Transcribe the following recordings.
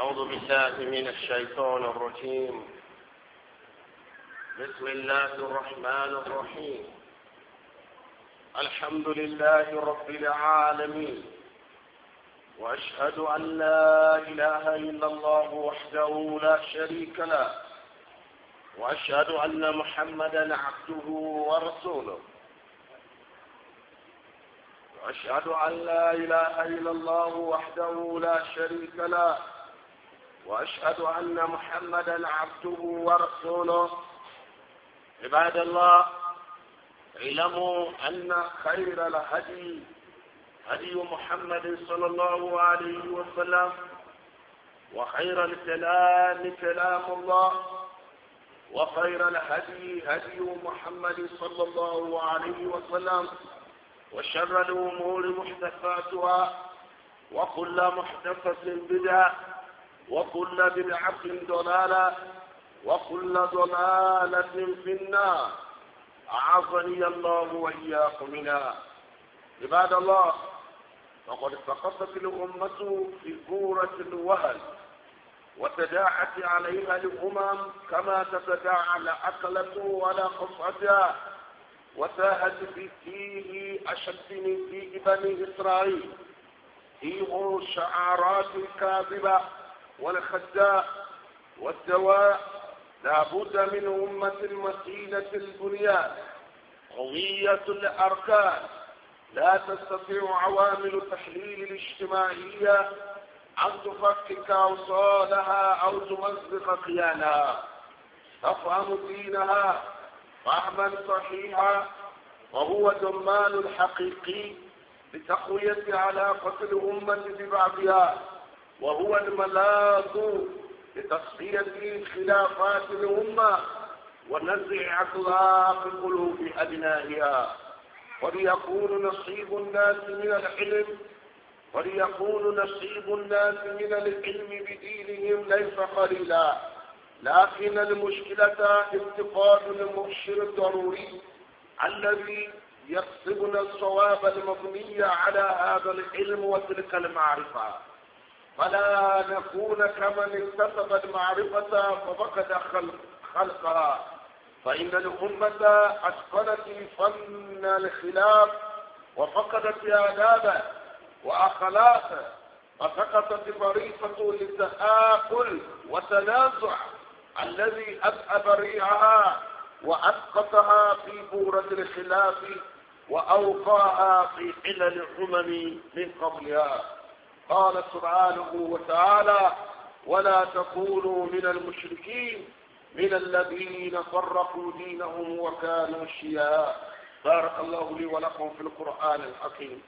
أعوذ بالله من الشيطان الرجيم بسم الله الرحمن الرحيم الحمد لله رب العالمين وأشهد أن لا إله إلا الله وحده لا شريك له وأشهد أن محمدا عبده ورسوله وأشهد أن لا إله إلا الله وحده لا شريك له وأشهد أن محمدا عبده ورسوله عباد الله اعلموا أن خير الهدي هدي محمد صلى الله عليه وسلم وخير الكلام كلام الله وخير الهدي هدي محمد صلى الله عليه وسلم وشر الأمور محدثاتها وكل محدثة بدعة وكل بدعة ضلالة وكل ضلالة في النار أعظني الله وإياكم منها عباد الله فقد سقطت الأمة في كورة الوهن وتداعت عليها الأمم كما تتداعى الأكلة ولا قطعتها وساهت في فيه أشد من فيه بني إسرائيل فيه شعارات كاذبة والخساء والدواء لابد من أمة متينة البنيان قوية الأركان لا تستطيع عوامل تحليل الاجتماعية أن تفكك أوصالها أو تمزق قيانها تفهم دينها فهما صحيحا وهو دمان حقيقي لتقوية علاقة الأمة ببعضها وهو الملاك لتصفية خلافات الأمة ونزع أخلاق قلوب أبنائها وليكون نصيب الناس من العلم وليكون نصيب الناس من العلم بدينهم ليس قليلا لكن المشكلة افتقاد المؤشر الضروري الذي يقصدنا الصواب المبني على هذا العلم وتلك المعرفة فلا نكون كمن اكتسب المعرفة ففقد خلقها فإن الأمة أتقنت فن الخلاف وفقدت آدابه وأخلاقه فسقطت فريسة للتآكل وتنازع الذي أذهب ريعها وأسقطها في بورة الخلاف وأوقاها في حلل الأمم من قبلها قال سبحانه وتعالى ولا تكونوا من المشركين من الذين فرقوا دينهم وكانوا شيعا بارك الله لي ولكم في القرآن الحكيم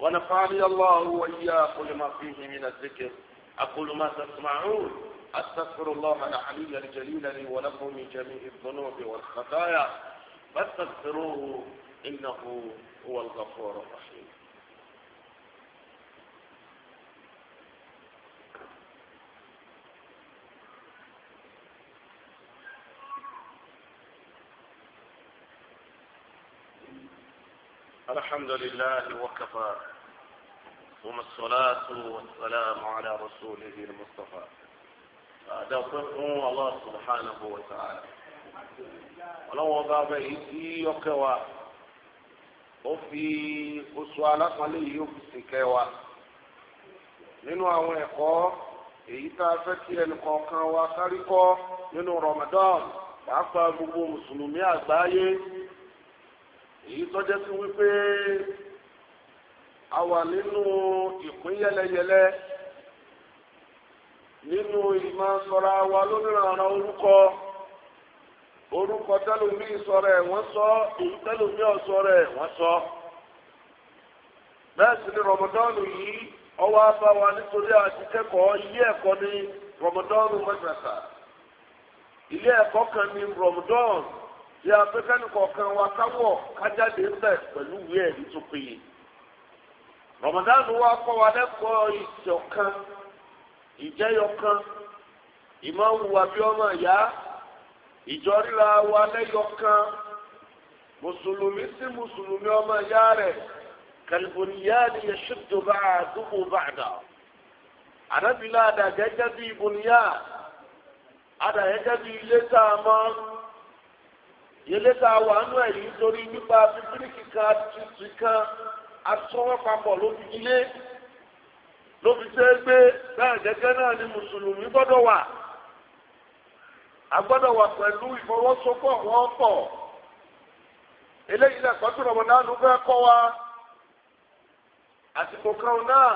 ونفعني الله وإياكم لما فيه من الذكر أقول ما تسمعون أستغفر الله العلي الجليل لي ولكم من جميع الذنوب والخطايا فاستغفروه إنه هو الغفور الرحيم الحمد لله وكفى ثم الصلاة والسلام على رسوله المصطفى أدعوكم الله سبحانه وتعالى ọlọ́wọ́n bá bẹ yìí tí ọkẹ wa ó fi oṣù alápọ̀nlé yìí ó fi sìnkẹ́ wa nínú àwọn ẹ̀kọ́ èyí tá a fẹ́ kí ẹnìkọ̀ọ̀kan wa kárí kọ́ nínú Ramadan pàápàá gbogbo mùsùlùmí àgbáyé. èyí tọ́jọ́ sí wípé a wà nínú ìpín yẹlẹyẹlẹ nínú ìmọ̀ sọ̀rọ̀ wa lónìrànà orúkọ orúkọ tẹ́lómi sọ̀rọ̀ sọ èyí tẹ́lómi ọ̀sọ̀rọ̀ ẹ̀ wọ́n sọ. bẹ́ẹ̀ sì ni rọmọdọ́ọ̀nù yìí ọwọ́ abá wa nítorí àti kẹ́kọ̀ọ́ ilé ẹ̀kọ́ ní rọmọdọ́ọ̀nù mẹ́tẹ̀ẹ̀ta ilé kan ní tí a fẹ́ kẹ́ni kọ̀ọ̀kan wa káwọ̀ kájáde ńbẹ̀ pẹ̀lú ìwé ẹ̀rí tó péye. rọ̀mọ̀dánù wa kọ́ wa lẹ́kọ̀ọ́ ìjọ̀kan ìjẹ́yọ̀kan ìmọ̀wùwà bí ọmọ ìyá ìjọríra wa lẹ́yọ̀kan mùsùlùmí sí mùsùlùmí ọmọ ìyá rẹ̀ kàlùbùnìyàní yashuddu ba'duhu ba'da. àdábìlà àdàgẹ́gẹ́ bí ìbùnìyà àdàgẹ́gẹ́ bí ilé tá a máa ń yẹlẹ tá a wà nù ẹ yìí torí nípa bíbélì kan tuntun kan asọwọ́ papọ̀ lóbi ilé gbé bẹ́ẹ̀ gẹ́gẹ́ náà ni mùsùlùmí gbọ́dọ̀ wà agbọ́dọ̀ wà pẹ̀lú ìfọwọ́sowọ́pọ̀ wọn pọ̀ eléyìí lẹ́kọ̀ọ́ tó rọ̀bọ̀ wa àsìkò kan náà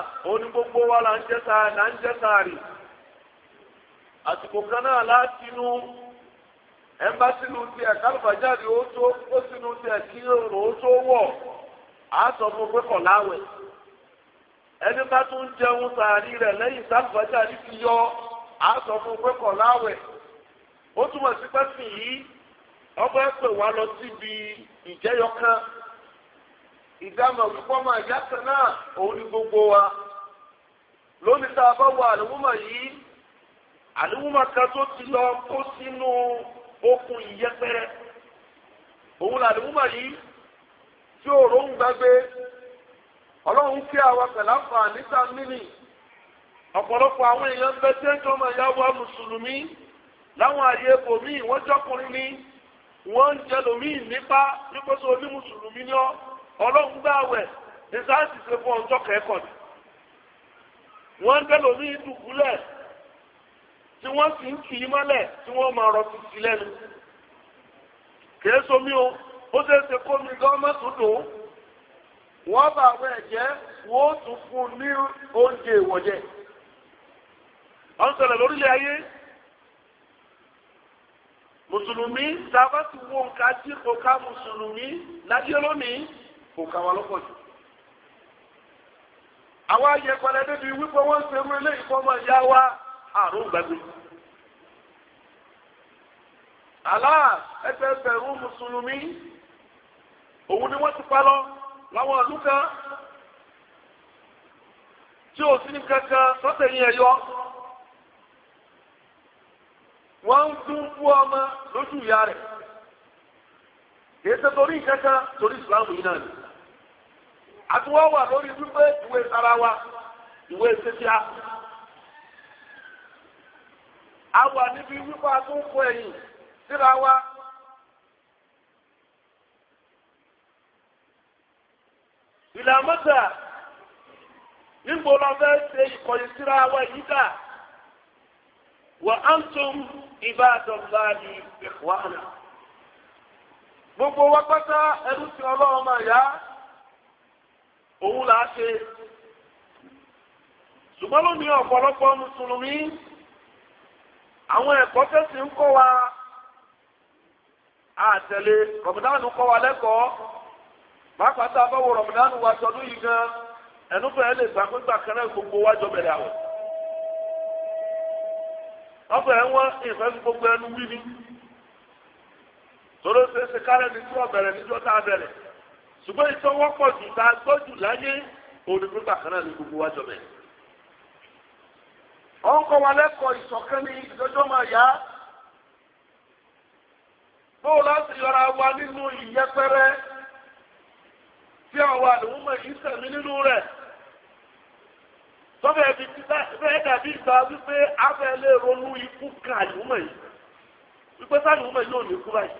gbogbo wa là ń jẹ́ ẹnba sínú tiẹ̀ kálùfàjáde ó tó ó sínú tiẹ̀ kí òrò ó tó wọ̀ á sọ fún pé kọ̀ láwẹ̀ ẹni bá tún jẹun sàárì rẹ̀ ti yọ á sọ fún pé kọ̀ láwẹ̀ ó túmọ̀ sí pé fì yí ọgbẹ́ pè wá lọ síbi ìjẹyọ kan ìdámọ̀ púpọ̀ máa yá kan náà òun ni gbogbo wa lónìí tá a bá wọ yìí kan tó okùn ìyẹpẹrẹ òun là lùmọ̀ yìí tí òòrò ń gbàgbé ọlọ́run kí àwa pẹ̀lá fà níta mímì ọ̀pọ̀lọpọ̀ àwọn èèyàn bẹ tí ẹ̀jọ́ máa yá wa mùsùlùmí láwọn àyè ibòmíì wọ́n jọkùnrin ní wọ́n ń jẹ lòmíì nípa nípa tó ní mùsùlùmí ní ọ́ ọlọ́run gbà wẹ̀ ní sáà sì ṣe ọjọ́ kẹ́kọ̀ọ́ wọ́n ń jẹ lòmíì dùkúlẹ̀ tí wọ́n sì ń kì í mọ́lẹ̀ tí wọ́n máa rọ títí lẹ́nu. kìí somi o ó ṣe é ṣe kó mi gọ́ọ̀mẹ́tò dùn wọ́n bá àwọn ẹ̀jẹ̀ wọ́n tún fún ní oúnjẹ ìwọ̀jẹ̀. wọ́n ń sọ̀rọ̀ lórílẹ̀ ayé mùsùlùmí sábà ti wo nǹkan tí kò ká mùsùlùmí lájẹ́ lónìí kò ká wa lọ́pọ̀ jù àwọn ayẹ̀pẹ̀lẹ̀ débi wípé wọ́n ń ṣe irú eléyìí fọ́mọ ìyá wa àrùn gbàgbé. àlá ẹgbẹgbẹ̀rún mùsùlùmí òun ni wọ́n ti pa lọ láwọn ìlú kan tí ò sí ní kankan sọ́tẹ̀ yẹn yọ. wọ́n ń dún fún ọmọ lójú ìyá rẹ̀ kìí torí kankan torí yìí náà ni. wà lórí wípé ìwé sara wa ìwé a wà níbi wípé a tún kó ẹ̀yìn síra wa. ìlàmọ́tà nígbò lọ fẹ́ ṣe ìkọ̀yìn síra wa yìí dà wà á ń tún ìbáàdàn láàyè ìwàhánà. gbogbo wa pátá ẹrú sí ọlọ́run máa yá òun là á ṣe ṣùgbọ́n lónìí ọ̀pọ̀lọpọ̀ mùsùlùmí àwọn ẹ̀kọ́ tẹ̀sí ń kọ́ wa àtẹ̀lé rọ̀mùdánù kọ́ wa lẹ́kọ̀ọ́ pàápàá tá a bá wo rọ̀mùdánù wa sọdún yìí gan ẹnu bẹ́ẹ̀ lè gbà pé gbà kẹrẹ́ gbogbo wa jọ bẹ̀rẹ̀ àwẹ̀ ọbẹ̀ wọn ìfẹ́ gbogbo ẹnu wí ni tóró ṣe é ṣe kárẹ́ ní tí wọ́n bẹ̀rẹ̀ níjọ́ tá a bẹ̀rẹ̀ ṣùgbọ́n ìtọ́wọ́pọ̀ jù tá a gbọ́ láyé òní pé gbà kẹrẹ́ gbogbo wa jọ bẹ̀rẹ̀ ọkọ̀ wa lẹ́kọ̀ọ́ ìṣọ̀kan ní ma ya. yá bóò láti yọra wa nínú ìyẹpẹrẹ tí àwọn àdìmúmọ̀ yìí sẹ̀mí nínú rẹ̀ tọ́bẹ̀ ebe bẹ́ẹ̀ dàbí ebe wípé afẹ́ lè ronú ikú kan àdìmúmọ̀ yìí wípé sáàdìmúmọ̀ yìí ò ní kú báyìí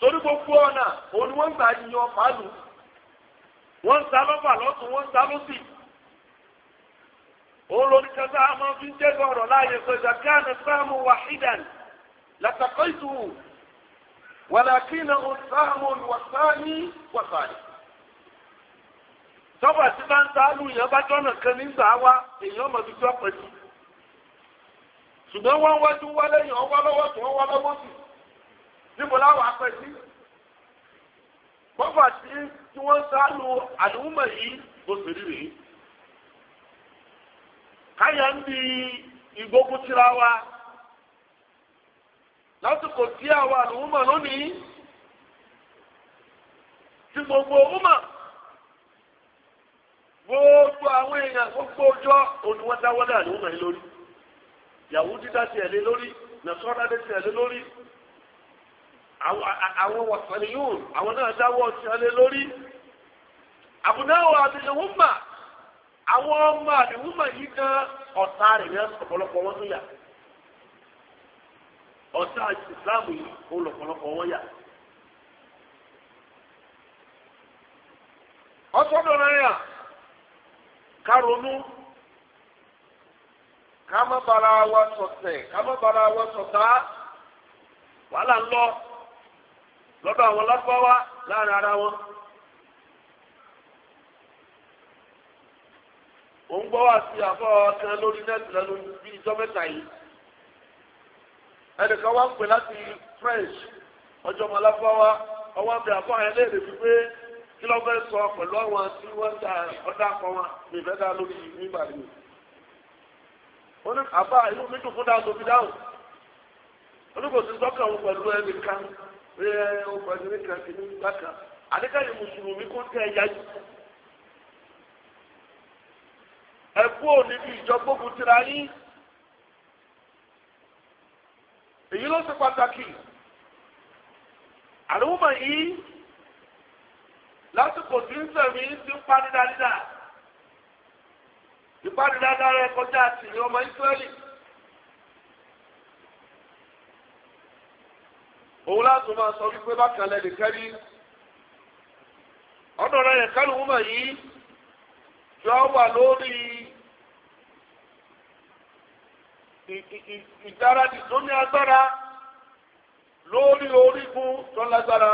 torí gbogbo ọ̀nà na ni wọ́n ń gbà yan pàálù sa òun lórí kẹta a máa fi ń jẹ́gbẹ́ ọ̀rọ̀ láàyè pé zakana sáàmù wàhídàn látàkọ́ìtù wàlàkínà ọ̀sáàmù wàsáàní wàsáàní. tọ́ba tí bá ń sáàlù èèyàn bá jọ́nà kan nígbà wá èèyàn mọ̀ fi jọ́ pẹ̀lú. ṣùgbọ́n wọ́n wájú wá lẹ́yìn ọwọ́ lọ́wọ́ tó wọ́n wá lọ́wọ́ sí níbo láwọn apẹ̀ sí. tọ́ba tí wọ́n sáàlù àdúgbò yìí kò rí rèé. haya ndị igbo kutirawa n'azụ ka o tia awa lụọ ụma n'onu ị ọ sị gbọgbọ ụma gboo tụwa awa ị ṅaa fọ gbọ ọ chọ ọ n'iwada ịwada lori ya ụdịda si eluị lori na sọrọ a dị si eluị lori awa awa wasali ụnụ awa na adị awa osịa eluị lori abụna ụwa àwọn ọmọ àdìmúmọ̀ yìí gan ọ̀tá rẹ̀ yẹn ọ̀pọ̀lọpọ̀ wọn tó yà ọ̀tá ìsìláàmù yìí wọn yà. ọ̀sọ́dọ̀ náírà ká ronú ká má bara wa ṣọ̀tẹ̀ ká bara wa wàhálà ń lọ ara wọn. ò ń gbọ́ wá sí àbọ̀ kan lórí nẹ́ẹ̀tì lẹ́nu bíi ìjọ mẹ́ta yìí ẹnìkan wá ń pè láti French ọjọ́ mọ́láfáwá ọwọ́ àbẹ̀ àbọ̀ yẹn léèrè wípé kí ló fẹ́ sọ pẹ̀lú àwọn tí wọ́n ta ọ̀dà kan wọn lè fẹ́ dá lórí nígbà yìí ó ní àbá inú mi dùn fún dáhùn tó fi dáhùn ó ní kò sí sọ́kàn òun pẹ̀lú ẹnìkan ẹ ó pẹ̀lú kúrò níbi ìjọgbógun tira yín èyí ló ṣe pàtàkì àlùmọ̀ yìí lásìkò tí ń sẹ̀mí ti ń parí dáadáa ìparí dáadáa rẹ kọjá àti ìrìn ọmọ Ísírẹ́lì. òun láti máa sọ wípé bákan lẹ́nìkan rí ọ̀dọ̀ rẹ̀ kálùmọ̀ yìí yọ wà lórí ìgbáradì tó ní agbára lórí orígun tó lágbára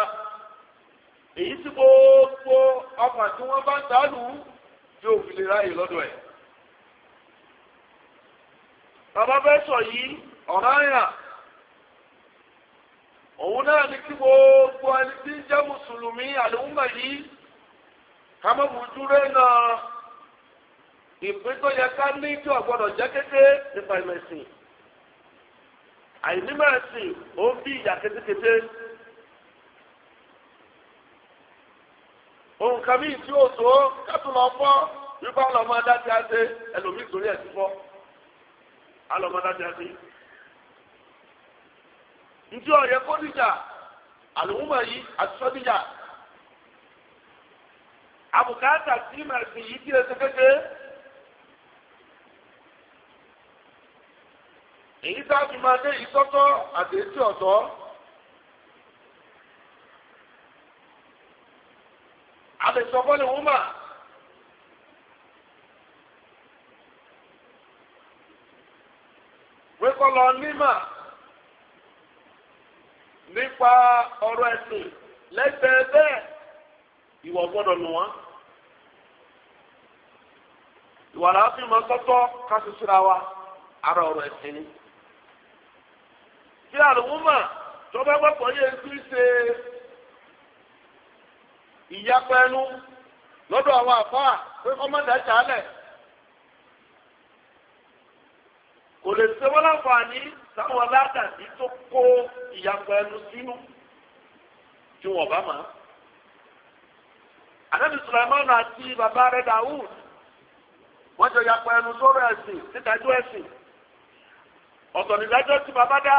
èyí tí gbogbo ọkàn tí wọ́n bá ń tí yóò fi lè ráyè lọ́dọ̀ ẹ̀. bàbá sọ yìí àyà òun náà ni kí gbogbo ẹni tí ń jẹ́ mùsùlùmí àlùmọ̀ yìí ká ìpín tó yẹ ká ní tí ọ̀gbọ́dọ̀ jẹ́ kété nípa ìmẹ̀sìn àìnímẹ̀sìn ó ń bí ìyà kétékété ohun kan bíi tí ó tó kẹ́tù lọ fọ́ wípé ọlọ́mọdé àti àti ẹlòmíì torí ẹ̀ ti fọ́ alọ́mọdé àti àti ntí ọ̀yẹ́ kó dìjà àlùmọ̀ yìí àti sọ́dìjà àbùkátà sí ìmẹ̀sìn yìí kí ẹ ṣe kékeré. èyí tá nke máa dé ìtọ́tọ́ àti etí ọ̀tọ́ àlèsọ̀bọ́ ni wọ́n lọ nímà nípa ọ̀rọ̀ ẹ̀sìn bẹ́ẹ̀ gbọ́dọ̀ nù wa ara ọ̀rọ̀ ẹ̀sìn ni. kí àlùmọ́ tó bá gbọ́pọ̀ yẹ kí ṣe ìyapa ẹnu lọ́dọ̀ àwọn àfáà pé kọ́mọ́dà jálẹ̀ kò lè ṣe wọ́n láǹfààní táwọn aládàbí tó kó ìyapa ẹnu sínú tí wọ́n bá máa. Ànábì Sùlẹ̀mọ́nù àti bàbá rẹ̀ Dàwùd wọ́n jọ yapa ẹnu sọ̀rọ̀ ẹ̀sìn títajú ẹ̀sìn ọ̀tọ̀ nídájọ́ tí bàbá dá.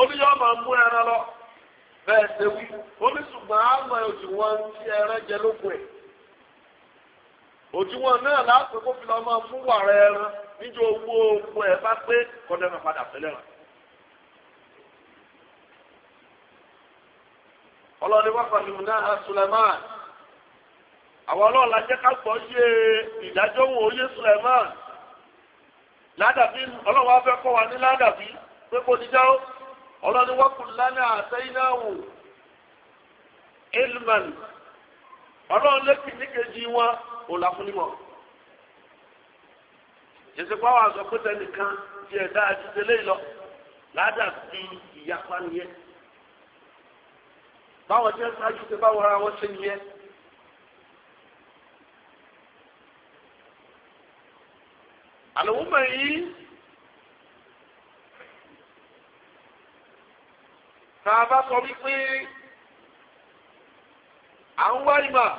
oníyọ́ máa mú ẹran lọ bẹ́ẹ̀ ṣe oníṣùgbọ́n á mọ wọn tí ẹran jẹ lókun ẹ̀ òjìwọ̀n náà láti kó fi lọ́ máa mú wàrà ẹran níjọ owó oko ẹ̀ bá pé kọ́dẹ́nà padà fẹ́lẹ́ rẹ̀. ọlọ́ni náà Suleiman àwọn ọlọ́ọ̀la jẹ́ ká gbọ́ yé ìdájọ́ wọn ó yé Suleiman ládàbí ọlọ́wọ́ wa ní ládàbí pé kò ní ọlọ́ni wọ́kùn lánàá àtẹ́yìnáwó ilman ọlọ́run lẹ́kì níkejì wọn ò láfúnimọ̀ ìsìnkú àwọn àzọpẹ́tẹ nìkan ti ẹ̀dá àtìtẹ́lẹ́ ìlọ ládàá sí ìyapa nìyẹn báwọn jẹ́ sáájú ti báwọn ara wọn ṣe nìyẹn. àlùwùmọ̀ yìí. ka a sọ wípé à ń wá ìmọ̀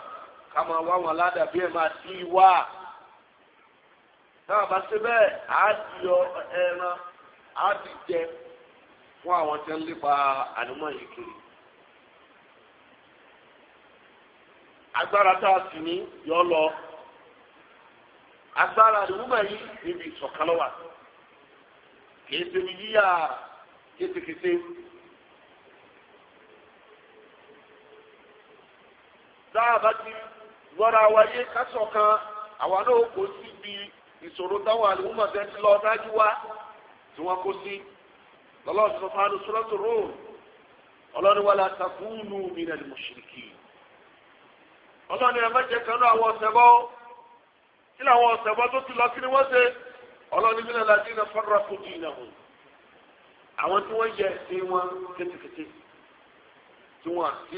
ká máa wá wọn ládàbí ẹ̀ máa di wá a ẹran á di jẹ fún àwọn tí ń lépa ànímọ̀ yìí kiri. agbára tá a sì ní yọ lọ agbára ìwúmọ̀ yìí níbi ìsọ̀kan lọ́wọ́ kì í ṣe tá a ti lọ́ra wáyé kásọ̀kan àwa náà kò síbi ìṣòro táwọn àlùmọ̀ ti lọ dájú wá tí wọ́n kó sí lọ́lọ́run sọ fún alùsùrọ̀tù róòmù wà látàkùnú mi nà ní mùṣìríkì ẹ̀ mẹ́jẹ kan àwọn ọ̀sẹ̀ kí làwọn ọ̀sẹ̀ tó ti lọ kí ni wọ́n ṣe mi kó di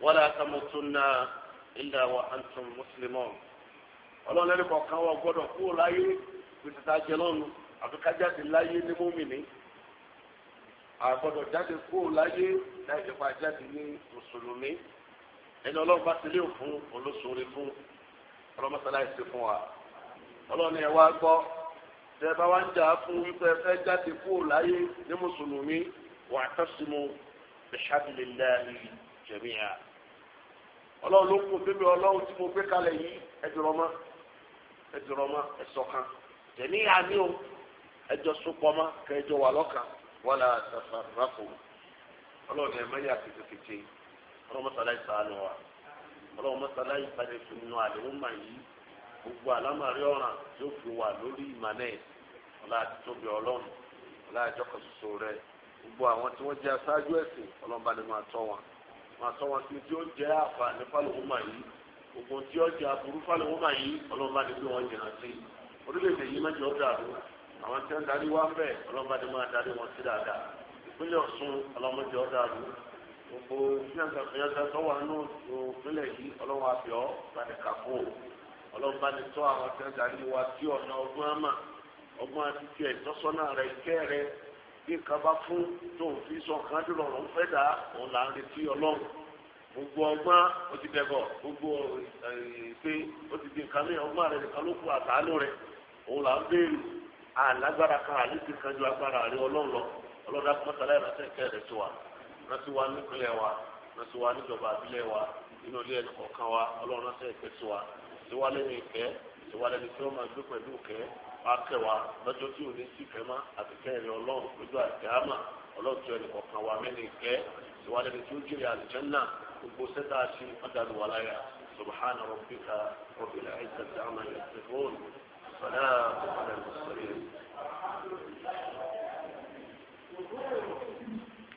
ولا تموتن إلا وأنتم مسلمون ọlọ́run lẹ́nu kọ̀ọ̀kan wọ́n gbọ́dọ̀ kúrò láyé gbèsèta jẹ lọ́nu àfi ká jáde láyé ní mùmínì àgbọ̀dọ̀ jáde kúrò láyé láì jẹ́ pa jáde ní mùsùlùmí ẹni ọlọ́run bá ti léwu fún olóṣòro fún ọlọ́mọsáláìsì fún wa ọlọ́run ẹ̀ wá gbọ́ tẹ bá wá ń jà fún wípé ẹ fẹ́ jáde kúrò láyé ní mùsùlùmí wa'tasimu bihablillahi. jẹ̀míyà ọlọ́run ló kó bébí ọlọ́run tí mo gbé kalẹ̀ yìí ẹ̀dùrọ̀mọ́ ẹ̀dùrọ̀mọ́ ẹ̀sọ̀kan jẹ̀míyà ni o ẹjọ́ sopọ́mọ́ kẹjọ wà kìtìkìtì wa ọlọ́run mọ́sálá ìpàdé fúnnú àdéhùn mà yìí gbogbo àlámàrí ọ̀ràn yóò fi wà lórí rẹ gbogbo àwọn tí máa sọ wọn sí tí ó jẹ́ àǹfààní fálùwọ́mà yìí ògùn tí ó jẹ́ aburú fálùwọ́mà yìí ọlọ́mọba ni bí wọ́n jìnnà sí orílẹ̀-èdè yìí mẹ́jọ dàrú àwọn tí wọ́n darí wá bẹ́ẹ̀ ọlọ́mọba ni máa darí wọn sí dáadáa ìpínlẹ̀ Ọ̀ṣun ọlọ́mọdé ọ̀ dàrú gbogbo ìyàtọ̀ tó wà nù ìpínlẹ̀ yìí ọlọ́wọ́ àbíọ́ láti kàkó ọlọ́mọba ni tó àwọn tí wọ́n darí bí nǹkan bá fún tó ń fi sọ nǹkan dúró ọ̀rọ̀ ń fẹ́ dà òun là ń retí ọlọ́run gbogbo ọgbọ́n ó ti bẹ̀bọ̀ gbogbo ìpè ó ti di nǹkan ọgbọ́n rẹ nìkan ló kú àtàánú rẹ òun là ń béèrè alágbára kan àlejò kan ju agbára rẹ wa rántí wa nípínlẹ̀ wa wa níjọba wa inú ilé wa ọlọ́run rántí ẹ̀kẹ́ tó wa tiwa lẹ́nu ìkẹ́ lẹ́nu máa gbé pẹ̀lú akẹ́ wa lọ́jọ́ tí òní sì fẹ́ má àtìkẹ́ ẹ̀rẹ́ ọlọ́run lójú àgbàmà ọlọ́run tí ẹnì kọ̀ọ̀kan wa mẹ́ni ìkẹ́ ìwádìí tí ó jèrè àlùjànnà gbogbo sẹ́tà sí ọ̀dàlù wà láyà subhana rabbika rabbil izzati amma yasifun salamun ala al-mursalin.